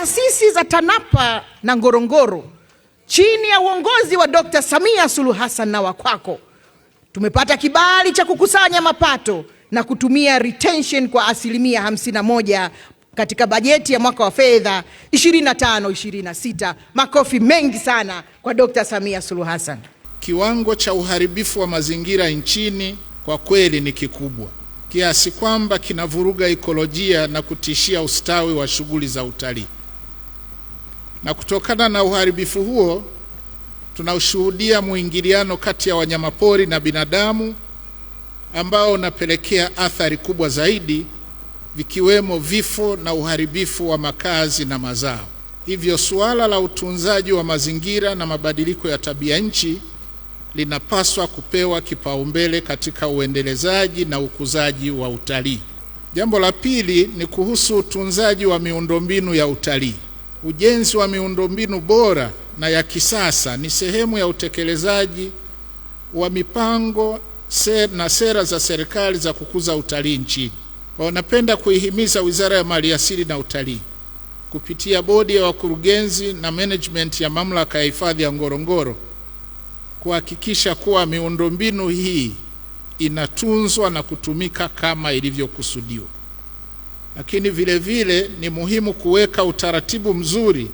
Taasisi za TANAPA na Ngorongoro chini ya uongozi wa Dr. Samia Suluhu Hassan na Wakwako tumepata kibali cha kukusanya mapato na kutumia retention kwa asilimia 51 katika bajeti ya mwaka wa fedha 25 26. Makofi mengi sana kwa Dr. Samia Suluhu Hassan. Kiwango cha uharibifu wa mazingira nchini kwa kweli ni kikubwa kiasi kwamba kinavuruga ikolojia na kutishia ustawi wa shughuli za utalii na kutokana na uharibifu huo tunashuhudia mwingiliano kati ya wanyamapori na binadamu ambao unapelekea athari kubwa zaidi, vikiwemo vifo na uharibifu wa makazi na mazao. Hivyo suala la utunzaji wa mazingira na mabadiliko ya tabia nchi linapaswa kupewa kipaumbele katika uendelezaji na ukuzaji wa utalii. Jambo la pili ni kuhusu utunzaji wa miundombinu ya utalii ujenzi wa miundombinu bora na ya kisasa ni sehemu ya utekelezaji wa mipango ser, na sera za serikali za kukuza utalii nchini. Wanapenda kuihimiza Wizara ya Maliasili na Utalii kupitia bodi ya wakurugenzi na management ya mamlaka ya hifadhi ya Ngorongoro kuhakikisha kuwa miundombinu hii inatunzwa na kutumika kama ilivyokusudiwa. Lakini vile vile ni muhimu kuweka utaratibu mzuri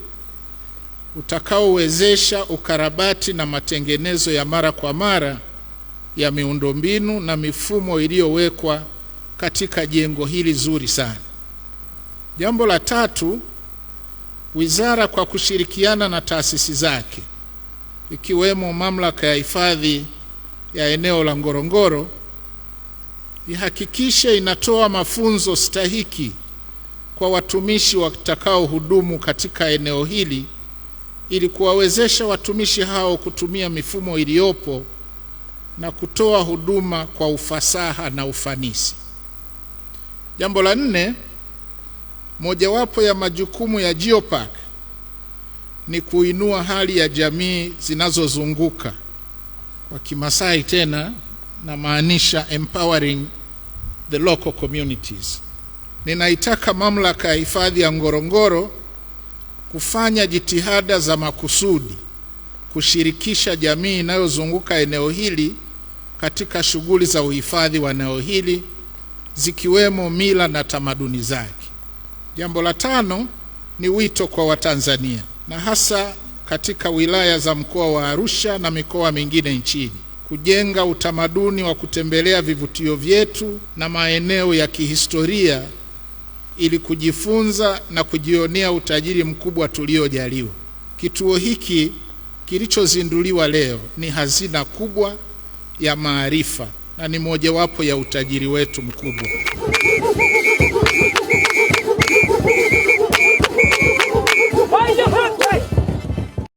utakaowezesha ukarabati na matengenezo ya mara kwa mara ya miundombinu na mifumo iliyowekwa katika jengo hili zuri sana. Jambo la tatu, wizara kwa kushirikiana na taasisi zake ikiwemo mamlaka ya hifadhi ya eneo la Ngorongoro ihakikishe inatoa mafunzo stahiki kwa watumishi watakaohudumu katika eneo hili ili kuwawezesha watumishi hao kutumia mifumo iliyopo na kutoa huduma kwa ufasaha na ufanisi. Jambo la nne, mojawapo ya majukumu ya Geopark ni kuinua hali ya jamii zinazozunguka kwa Kimasai tena namaanisha empowering the local communities. Ninaitaka mamlaka ya hifadhi ya Ngorongoro kufanya jitihada za makusudi kushirikisha jamii inayozunguka eneo hili katika shughuli za uhifadhi wa eneo hili zikiwemo mila na tamaduni zake. Jambo la tano ni wito kwa Watanzania na hasa katika wilaya za mkoa wa Arusha na mikoa mingine nchini kujenga utamaduni wa kutembelea vivutio vyetu na maeneo ya kihistoria ili kujifunza na kujionea utajiri mkubwa tuliojaliwa. Kituo hiki kilichozinduliwa leo ni hazina kubwa ya maarifa na ni mojawapo ya utajiri wetu mkubwa.